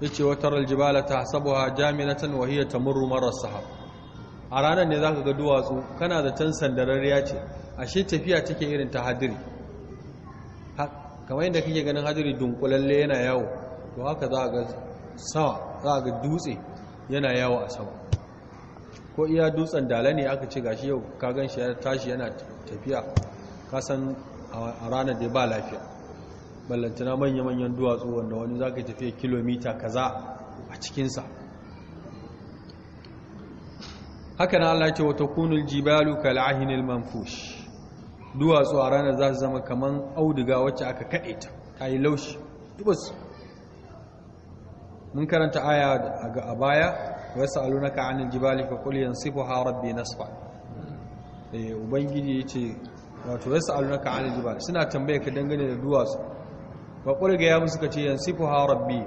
yace wa taral jibala tahsabuha jamilatan wa hiya tamurru marra sahab a ranar ne zaka ga duwatsu kana da tan sandarariya ce ashe tafiya take irin ta hadiri kamar yadda kake ganin hadiri dunkulalle yana yawo to haka za a ga sawa za a ga dutse yana yawo a sama ko iya dutsen dala ne aka ce gashi yau ka gan shi ya tashi yana tafiya kasan a ranar da ba lafiya ballantana manya-manyan duwatsu wanda wani za ka tafiya kilomita kaza a cikinsa haka na Allah ce wata kunul jibalu kal'ahinil manfush duwatsu a ranar za su zama kamar auduga wacce aka kaɗe ta ta yi laushi mun karanta aya a baya aluna ka anil jibali fa kul ha rabbi nasfa eh ubangiji yace wato aluna ka anil jibali suna tambaye ka dangane da duwatsu fa kul ga ya musu kace ha rabbi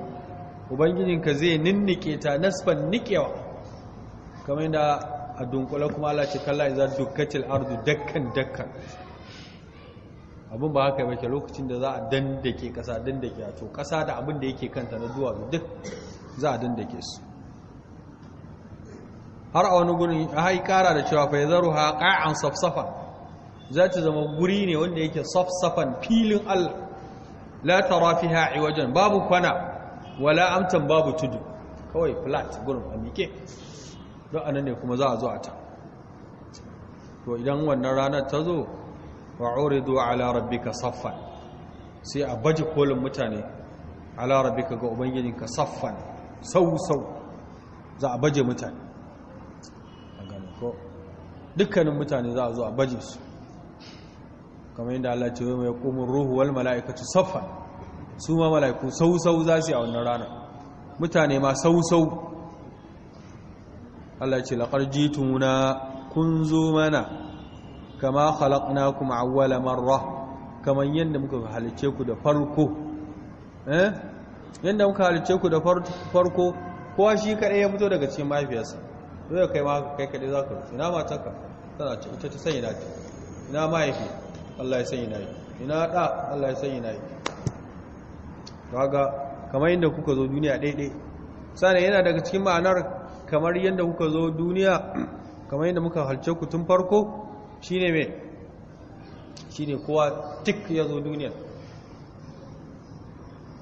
ubangijin ka zai ninnike ta nasfan nikewa kamar inda a dunkule kuma Allah ce kallai za dukkatil ardu dakkan dakkan abin ba haka yake lokacin da za a dandake kasa dandake a to kasa da abin da yake kanta na zuwa duk za a dandake su har a wani gurin hai kara da cewa fa yazaru ha qa'an safsafa za ta zama guri ne wanda yake safsafan filin Allah la tara fiha iwajan babu kwana wala amtan babu tudu kawai flat gurin a mike don anan ne kuma za a zo a ta to idan wannan ranar ta zo wa uridu ala rabbika saffan sai a baje kolin mutane ala rabbika ga ubangijinka saffan sau sau za a baje mutane a gane ko dukkanin mutane za a zo a baje su kamar yadda Allah ce mai kumin ruhu wal mala'ikatu saffan su ma mala'iku sau sau za su yi a wannan ranar mutane ma sau sau Allah ce laƙar jituna kun zo mana kama khalaqnakum awwala marra kaman yanda muka halice ku da farko eh yanda muka halice ku da farko kowa shi kadai ya fito daga cikin mahaifiyarsa dole kai ma kai kadai zaka fito ina ka tana ce ita ta sanya na ta ina mahaifi Allah ya sanya na ina da Allah ya sanya na kaga kamar yanda kuka zo duniya daidai sana yana daga cikin ma'anar kamar yanda kuka zo duniya kamar yanda muka halce ku tun farko shi ne mai shi ne kowa tik ya zo duniya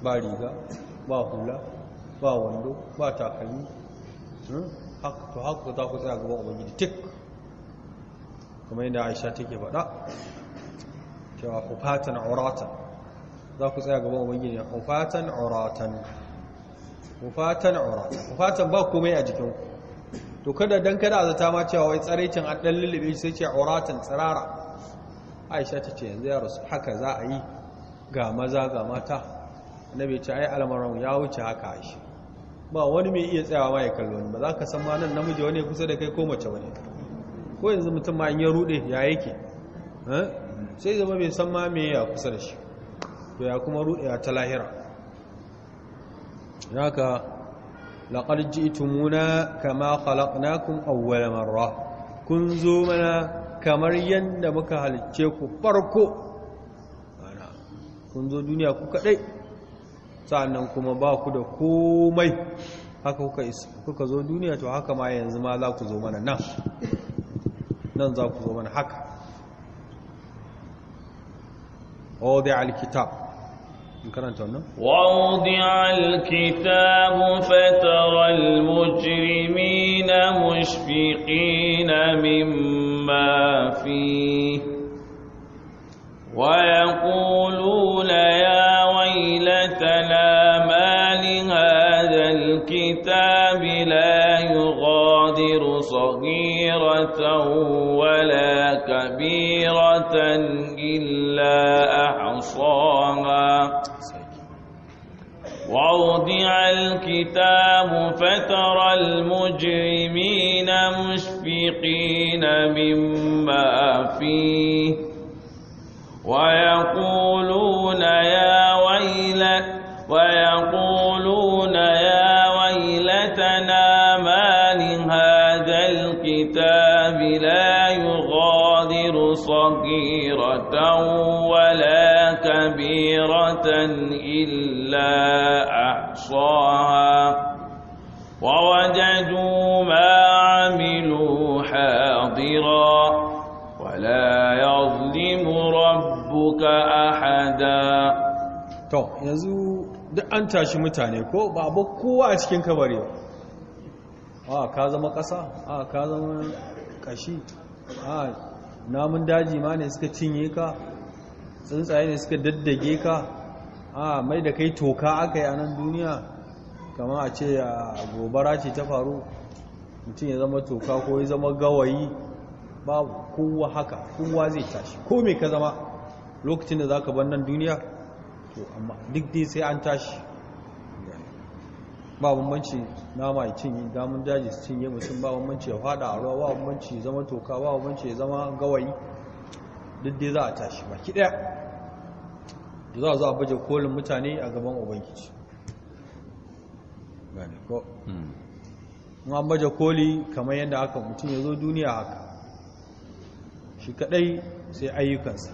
ba riga ba hula ba wando ba takalmi hmm? to haka ta kusa a gaban ubangiji tik kamar yadda aisha take faɗa cewa hufatan auratan za ku tsaya gaban ubangiji hufatan auratan hufatan auratan hufatan ba komai a jikinku to kada dan kada a zata ma cewa wai tsarecin an dan lullube shi sai ce auratan tsirara aisha ta ce yanzu ya rasu haka za a yi ga maza ga mata annabi ce ai almaran ya wuce haka shi. ba wani mai iya tsayawa ma ya kallo ba za ka san ma nan namiji wani kusa da kai ko mace wani ko yanzu mutum ma in ya rude ya yake eh? sai zama bai san ma me ya kusa da shi to ya kuma rude ta lahira ka. ji tumuna kama halaknakun awwala marra kun zo mana kamar yadda muka halicce ku farko kun zo duniya ku kaɗai, sa'annan kuma ba ku da komai haka kuka zo duniya to haka ma yanzu ma za ku zo mana nan nan za ku zo mana haka wadda alkitab ووضع الكتاب فترى المجرمين مشفقين مما فيه ويقولون يا ويلتنا ما لهذا الكتاب لا يغادر صغيرة ولا كبيرة إلا أحصاها ووضع الكتاب فترى المجرمين مشفقين مما فيه ويقولون يا ويلك ويقولون يا ويلتنا ما لهذا الكتاب لا يغادر صغيرة ولا كبيرة إلا إلا أحصاها ووجدوا ما عملوا حاضرا ولا يظلم ربك أحدا to yanzu duk an tashi mutane ko ba ba kowa a cikin kabari ba a ka zama kasa a ka zama kashi a namun daji ma ne suka cinye ka tsuntsaye ne suka daddage ka a mai da kai toka aka yi a nan duniya Kamar a ce a gobara ce ta faru mutum ya zama toka ko ya zama gawayi ba kowa haka kowa zai tashi ko mai ka zama lokacin da za ka ban nan duniya to amma duk dai sai an tashi ba bambanci nama ya cinye damun daji su cinye mutum ba bambanci ya fada a ruwa ba bambanci ya zama toka ba bambanci ya zama gawayi duk dai za a tashi baki daya da za a zo a baje kolin mutane a gaban ubangiji gane ko hmm. an baje koli kamar yadda aka mutum ya zo duniya haka shi kadai sai ayyukansa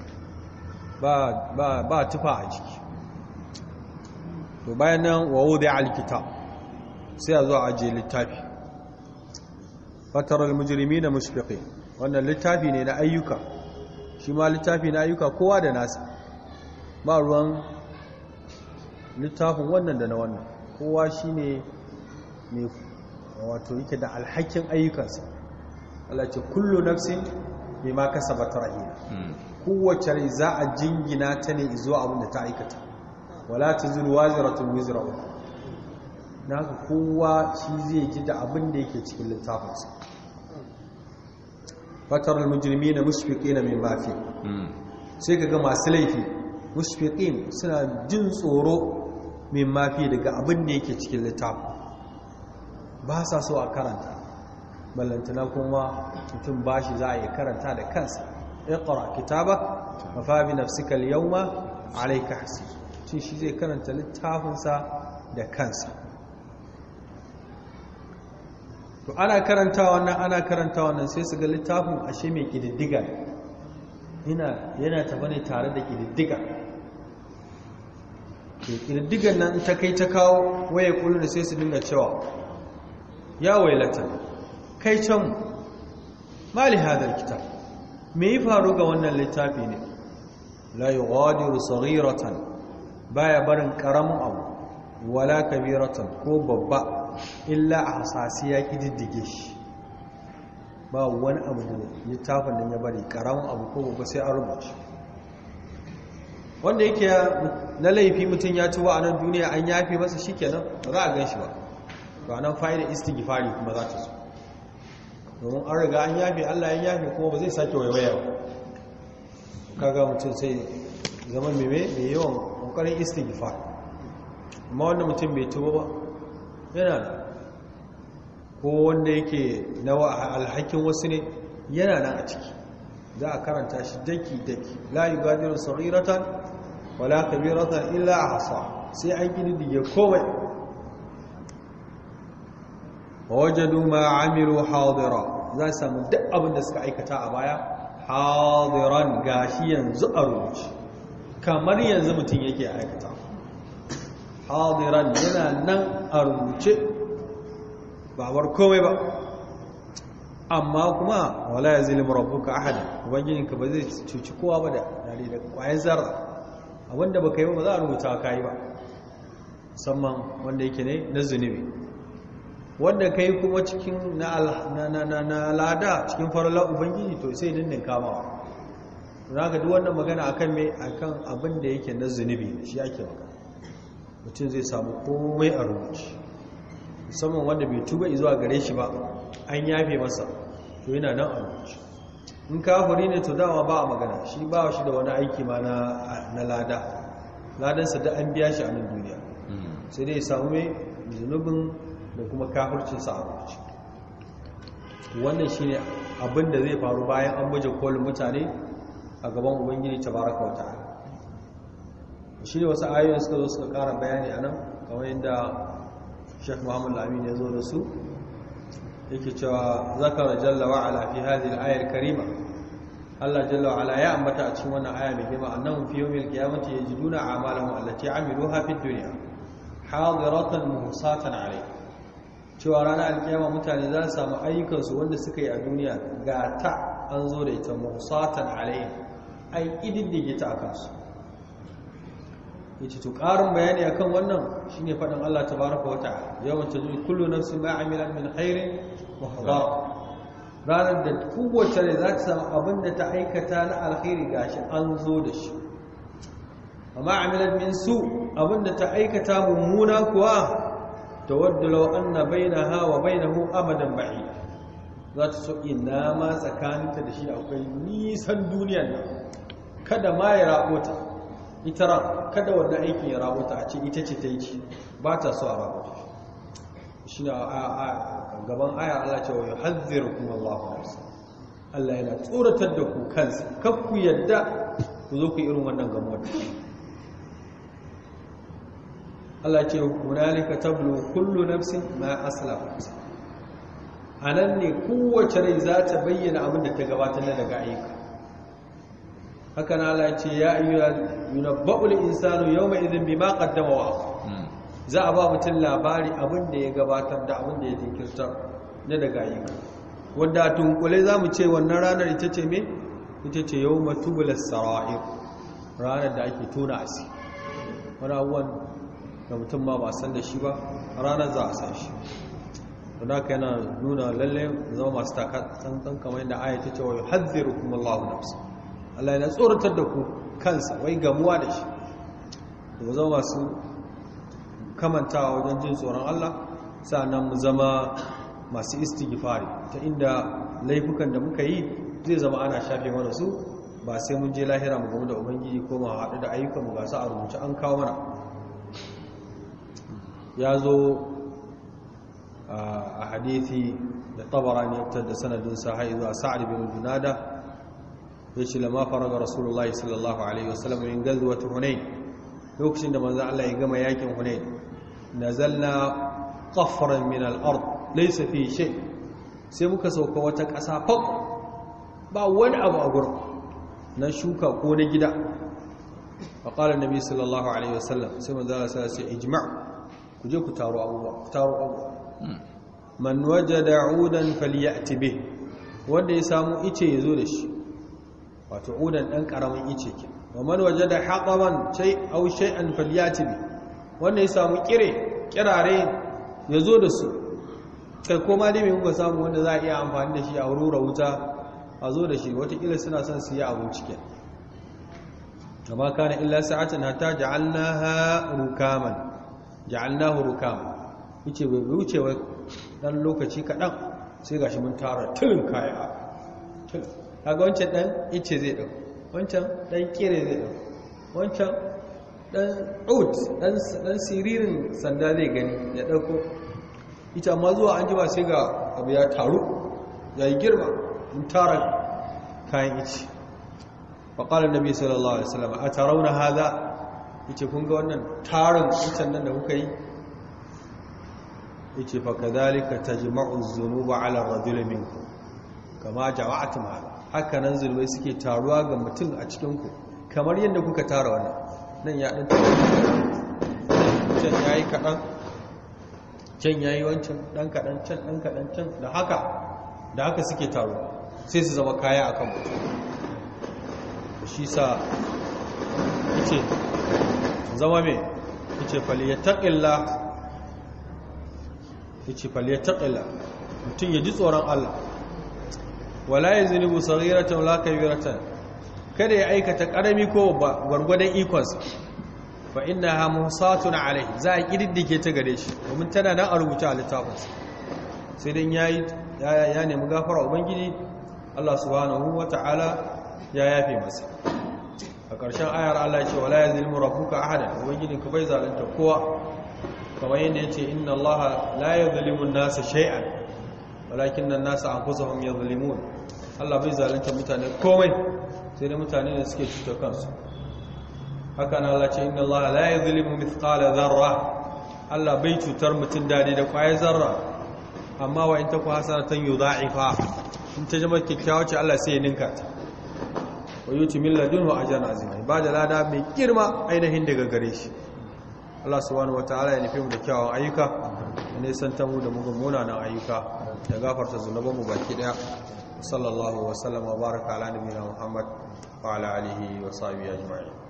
ba tufa a jiki to bayan nan wawo da alkitab sai a zo a ajiye littafi fatarar mujirimi da mushfiqi wannan littafi ne na ayyuka shi ma littafi na ayyuka kowa da nasa ba ruwan littafin wannan da na wannan kowa shi ne wato yake da alhakin ayyukansa Allah ce kullu nafsin bai ma kasa ba ta rahina hmm. kowace rai za a jingina ta ne zuwa abin da ta aikata wala ta zuru waziratun wizra uku na haka kowa shi zai ji da abin da yake cikin littafinsa fatar na musu fiƙe na mai mafi hmm. sai ka ga masu laifi mushfiqin suna jin tsoro min mafi daga abin da yake cikin littafin ba sa so a karanta ballantana kuma mutum ba shi za a yi karanta da kansa iqra kitabak fa fa bi nafsika al-yawma alayka hasib shi shi zai karanta littafinsa da kansa to ana karanta wannan ana karanta wannan sai su ga littafin ashe mai kididdiga ne yana tafa ne tare da ƙididdiga ƙididdigan nan ta kai ta kawo waye ƙulun sai su dinga cewa ya wailata kai can mali hadar kita. me yi faru ga wannan littafi ne la wadiru tsariratan baya barin ƙaramin abu wala kabiratan ko babba illa a hasasiya ƙididdige shi ba wani abu da littafin da ya bari karamin abu ko ba sai an rubuce wanda yake na laifi mutum ya ci nan duniya an yafe masa shi kenan ba za a gan shi ba to anan fa'ida istighfari kuma za ta so domin an riga an yafe Allah ya yafe kuma ba zai sake waiwaya ba kaga mutum sai zama mime mai yawan kokarin istighfar amma wanda mutum bai tuba ba yana da ko wanda yake na alhakin wasu ne yana nan a ciki za a karanta shi daki daki la yugadiru sariratan wala kabiratan illa a hasa sai an gini kididdige komai wajadu ma Amiru hadira za a samu duk abin da suka aikata a baya ga gashi yanzu a rubuci kamar yanzu mutum yake aikata hadiran yana nan a rubuce ba war komai ba amma kuma wala ya zilimu ahadin, ubangijin ka ba zai cuci kowa ba da dare da kwayan zarra abinda baka yi ba za a rubuta ka yi ba musamman wanda yake ne na zunubi wanda ka yi kuma cikin na lada cikin farallar ubangiji to sai dindin ba za ka duk wannan magana akan mai akan abin da yake na zunubi shi ake magana mutum zai samu komai a rubuci musamman wanda bai tuba a gare shi ba an yafe masa to yana nan a lokaci in kafiri ne to dama ba a magana shi ba shi da wani aiki ma na lada ladansa da an biya shi a nan duniya hmm. sai dai samu mai zunubin da kuma sa a lokaci wannan shine abin da zai faru bayan an baje kolin mutane a gaban ubangiji ta baraka wata shi ne wasu ayoyin suka zo suka kara bayani a nan kamar yadda shek Muhammadu lamin ya zo da su yake cewa zakara jalla wa ala fi hadhihi al-ayat karima Allah jalla wa ala ya ambata a cikin wannan aya mai girma annahum fi yawmil qiyamati yajiduna a'malahum allati amiluha fid dunya hadiratan muhsatan alayh cewa ranar alkiyama mutane za su samu ayyukansu wanda suka yi a duniya ga ta an zo da ita muhsatan alayh ai ididdige ta kansu yace to ƙarin bayani akan wannan shine faɗin Allah tabaraka wata'ala yawan tazu kullu nafsi ma amilat min khairin muhdar ranar da kowace rai za ta samu abin da ta aikata na alkhairi gashi an zo da shi amma amilat min su abin ta aikata mummuna kuwa tawaddu law anna bainaha wa bainahu amadan ba'id za ta so ina ma tsakaninta da shi akwai nisan duniya nan kada ma ya ta. ita ra kada wannan aikin ya rawata a ce ita ce ta yi ci, ba ta so a rawata shi na gaban aya Allah ce wa yi hanzir kuma Allah nafsa Allah yana tsoratar da ku kansa kan ku yadda ku zo ku irin wannan wata. Allah ce hunalika tablo kullu nafsin ma A nan ne kowace rai za ta bayyana abin da ta gabatar daga ayyuka haka na Allah ce ya ayyuha yunabba'ul insanu yawma idhin bima qaddama wa hmm. za a ba mutum labari abin da ya gabatar da abin da ya jinkirta na daga yi wanda tunkule za mu ce wannan ranar ita ce me ita ce yau matubulas sara'ir ranar da ake tona asi wani abuwan da mutum ma ba san da shi ba ranar za a san shi wanda ka yana nuna lallai zama masu takatsantsan kamar yadda aya ta ce wa yi hadziru kuma allahu Allah yana tsoratar da ku kansa wai gamuwa da shi mu zama masu kamantawa wajen jin tsoron Allah na mu zama masu istighfari ta inda laifukan da muka yi zai zama ana shafe mana su ba sai mun je lahira mu gamu da ubangiji ko mu haɗu da ayyukan mu ga su a rubuce an kawo mana ya zo a hadithi da tabarani ya da sanadin sa har zuwa sa'ad bin Dunada. ya ce lama faraga rasulullahi sallallahu alaihi wasallam min gazuwat hunain lokacin da manzo Allah ya gama yakin hunain nazalna qafran min al-ard laysa fi shay sai muka sauka wata ƙasa fak ba wani abu a gurin na shuka ko na gida sallallahu فقال النبي صلى الله عليه وسلم سيما ذا سلسة ku كجو كتارو أبوا كتارو أبوا من وجد عودا فليأت به wanda ya samu ice ya zo da shi wato udan ɗan ƙaramin ice ke wa man waje da haƙawan shai au shay'an falyati bi wanda ya samu kire kirare ya zo da su kai koma dai mai kuka samu wanda za a iya amfani da shi a rura wuta a zo da shi watakila suna son su yi abinci ke kama kana illa sa'atin hatta ja'alnaha rukaman ja'alnahu rukaman yace bai wuce wai dan lokaci kaɗan sai gashi mun tara tilin kaya kaga wancan dan ice zai dau wancan dan kere zai dau wancan dan out dan siririn sanda zai gani ya dauko ita amma zuwa an jima sai ga abu ya taru ya yi girma in tara kayan ice da nabi sallallahu alaihi wasallam a na haza ice kun ga wannan tarin icen nan da kuka yi yace fa kadhalika tajma'u adh-dhunuba 'ala ar-rajuli minkum kama jama'atum hadha haka nan zunubai suke taruwa ga mutum a cikinku kamar yadda kuka tara wannan nan ya ɗin can ya yi kaɗan can ya yi wancan ɗan kaɗan can ɗan kaɗan can da haka da haka suke taruwa sai su zama kaya a kan mutum shi sa ce zama mai ce faliyattaƙilla ce faliyattaƙilla mutum ya ji tsoron allah wala yazlimu saghiratan wala kabiratan kada ya aikata karami ko gwargwadon ikonsa fa innaha muhsatun alaihi za a kididdike ta gare shi domin tana nan a rubuta a littafinsa sai dan ya nemi gafara ubangiji Allah subhanahu wata'ala ya yafe masa a ƙarshen ayar Allah ce wala rafuka a ahada ubangiji ka bai zalunta kowa kamar yadda ce inna Allah la yazlimu zalimun nasa shay'an walakin nan nasa an kusa hum yadhlimun Allah bai zalunta mutane komai sai dai mutane da suke cuta kansu haka na Allah ce inna Allah la yadhlimu mithqala dharra Allah bai cutar mutun dade da kwaye zarra amma wa in taku hasanatan yudha'ifa in ta jama kikkiawa ce Allah sai ya ninka ta wa yuti min ladunhu ajran ba da lada mai girma ainihin daga gare shi Allah subhanahu wataala ya nufi mu da kyawun ayyuka da nisan mu da munanan ayyuka da gafarta mu baki daya sallallahu wa sallama baraka ala nabiyina Muhammad wa ala alihi wa sahbihi ajma'in